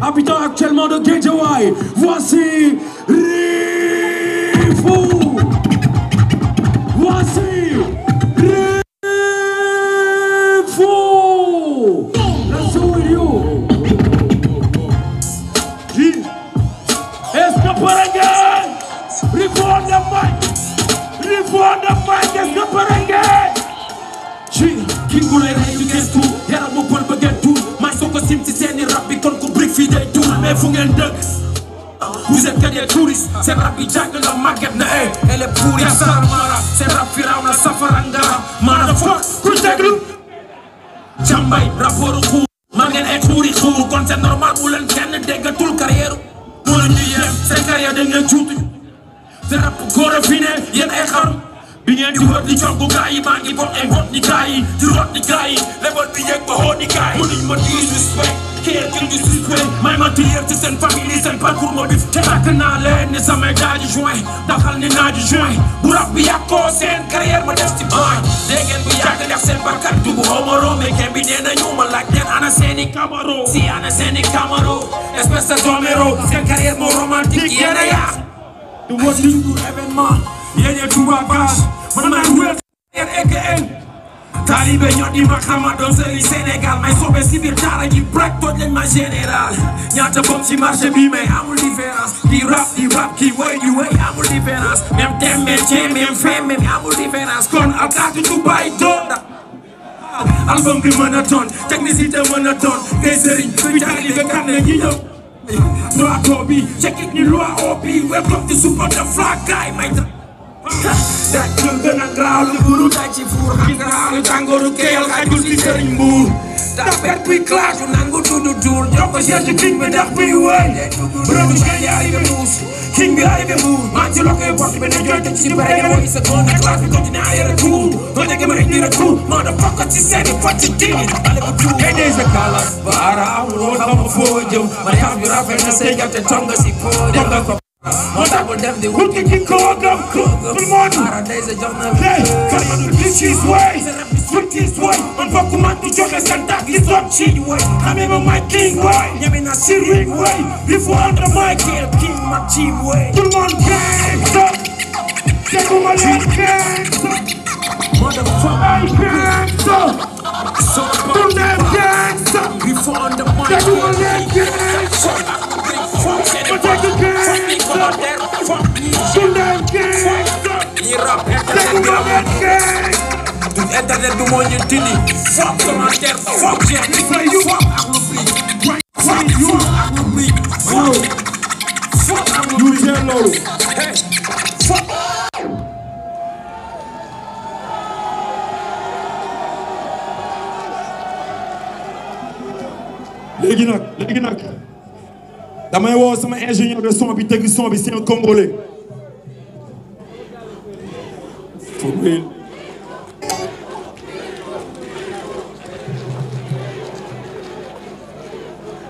habitant actuellement de Gejawai. Voici Rifou Voici Rifou Let's go with you. Est-ce que on the mic Rifou on the mic Est-ce que Parangue King Gulay Ray du Gestou Yaramou Paul Bagetou sim ci seeni rab bi kon ku brique fii day tuur mais fu ngeen dëkk Vous êtes que des touristes seen rap yi jàng na màgget na eh elle est pour ya sara mara seen rap yi raw na safara ngara maana foog ku déglu jàmbay rapport xuur maa ngeen ay xuuri kon c'est normal bu leen kenn déggatul carrière moo leen di yem seen carrière dañ leen juutu seen rap góor a fi bi ngeen di wër di jongu gaay yi maa ngi bokk ay wot the gaay yi di rot ni gaay yi lebal bi yëg ba xoo ni gaay yi mënuñ ma di suspect send jël di suspect may ma tiyeer ci seen famille seen parcours ma bif te takk naa leen ni samay daa ji juin daxal ni naa ji bi yàqoo seen carrière homoro mais kenn bi nee nañu ma laaj leen ana seeni camaro si ana seeni camaro espèce de domero seen carrière moo romantique yéen a yàq du wër di événement yéen a tubaab gage man maay wér EKN taalibe ñoo di maxama doon sëriñ Sénégal may sobe si biir daara ji break toj leen ma général ñaata bom si marché bi mais amul différence di rap di rap ki way di way amul différence même thème même thème même fin même amul différence kon alkaati du bàyyi doon album bi mën a doon technicité mën a doon ngay sëriñ bi taalibe karne gi ñëw Droit ni loi OB, welcome to support the flag guy, my Dajjul gën a graaw lu buru daj keyal xajul ci sëriñ mbuur ndax bet buy clash nangu tuddu duur jox ko seetu king bi king bi arrivé muur maa ci lokoy bot bi ne jooy ci bare nga mooy sa góor nag clash bi continue ay rek tuur ma dégg ma rek di rek tuur si ko def di wut ki ki koo gëm tout le monde paradise jox na lay karmadul bi siis way wut this way man fokk man di joxe seen tàkk li soog ci way I'm ma my king way ñeme na a ring way before under my kill king my team way tout le monde gang stop teguma leen gang stop internet du moo les dindi foog commentaire foog jeex foog ak lu prix foog ak lu prix foog ak lu prix loolu foog léegi nag léegi damay wo sama ingénieur de son bi tëgg son bi c'est un congolais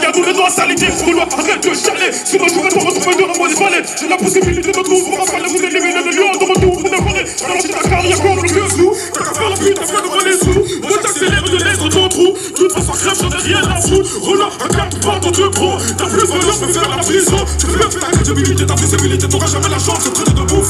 Il y a tout le droit salité, on doit arrête de chaler. Si moi je pouvais pas retrouver de rembourser palais, j'ai la possibilité de me trouver pour apprendre vous éliminer le lion de retour de la forêt. Alors j'ai ta carrière comme le sous, t'as qu'à faire la pute, t'as qu'à devant les sous. Moi t'accélères de l'être ton trou, tu te fasses crève, j'en ai rien à foutre. Relance, regarde, pas ton Dieu pro, t'as plus de l'homme, mais faire la prison. Tu peux faire la crédibilité, ta visibilité, t'auras jamais la chance de traiter de bouffe.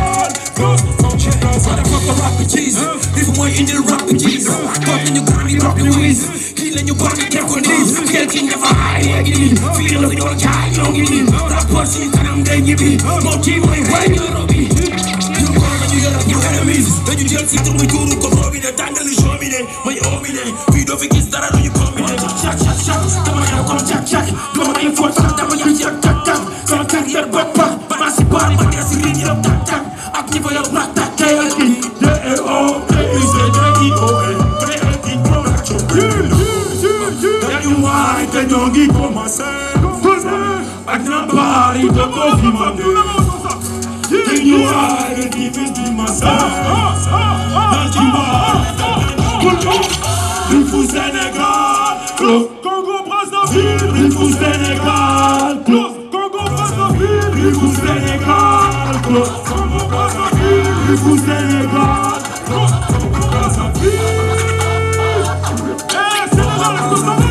Feel the fire, giddy. Feel we don't charge, no That pussy that I'm dead, giddy. Mochi, boy, why you are gotta be? Your enemies, when you deal with the guru, come over me, the tangle is show me, my homie, we don't think it's that I know you. de nambari tokofi mande kinyware divindimasa nakimba Rifou Sénégal, Congo Brazzaville, Rifou Sénégal, Congo Brazzaville, Rifou Sénégal, Congo Brazzaville, Rifou Sénégal, Congo Brazzaville. Eh, Sénégal, Congo Brazzaville.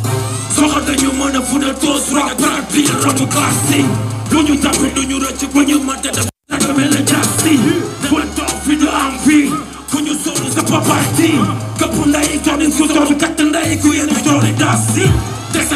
to classy. When you tap it, when you rush when you mad at the like a melon chassis. Went off with the angry. you Kapunda is on his good, so we got the leg, we ain't enjoying that. See, there's a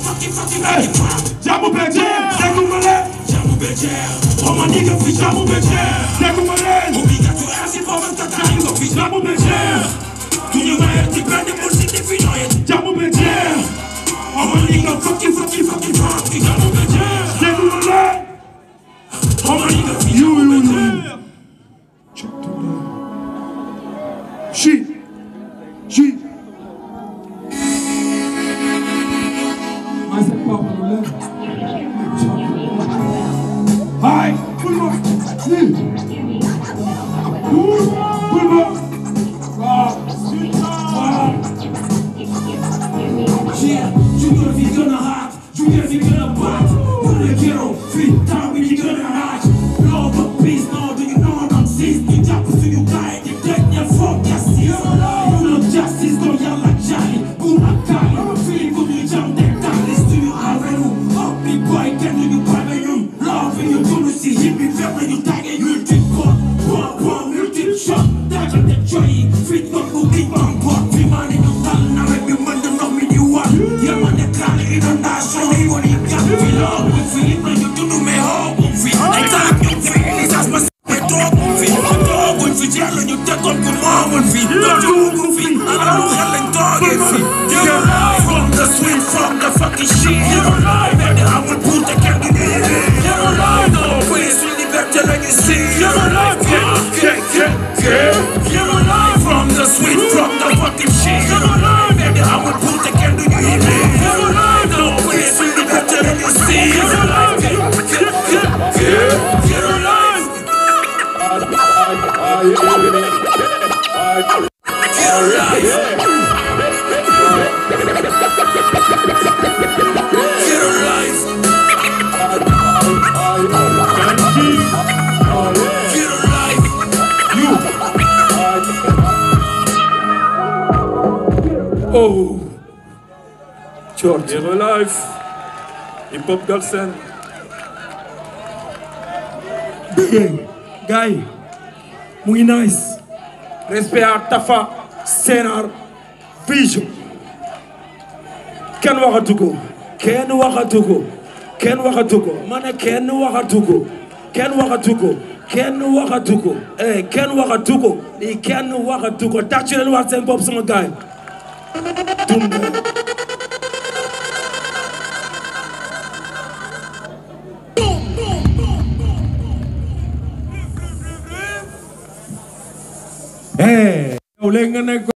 Jamu Bejel, Dekumale. Jamu Bejel, Oma nigga fi Jamu Bejel. Dekumale, Obiga tu asi fomen tata nigga fi Jamu Bejel. Tunyo maer ti pende por si te finoyet. Jamu Bejel, Oma nigga fucking fucking fucking fucking Jamu Bejel. Dekumale, Oma nigga fi Jamu por você. feeling when you do Oh! George. You're alive. Hip Hop Galsen. Bigé. Gaay. Mu ngi nice. Respect à Tafa Senar Vision. Kenn waxatu ko. Kenn waxatu ko. Kenn waxatu ko. Ma ne kenn waxatu ko. Kenn waxatu ko. kenn waxatu ko eh kenn waxatu ko lii kenn waxatu ko tàcc leen wax seen bopp sama gaay Tumba. Hey, Ulenganek.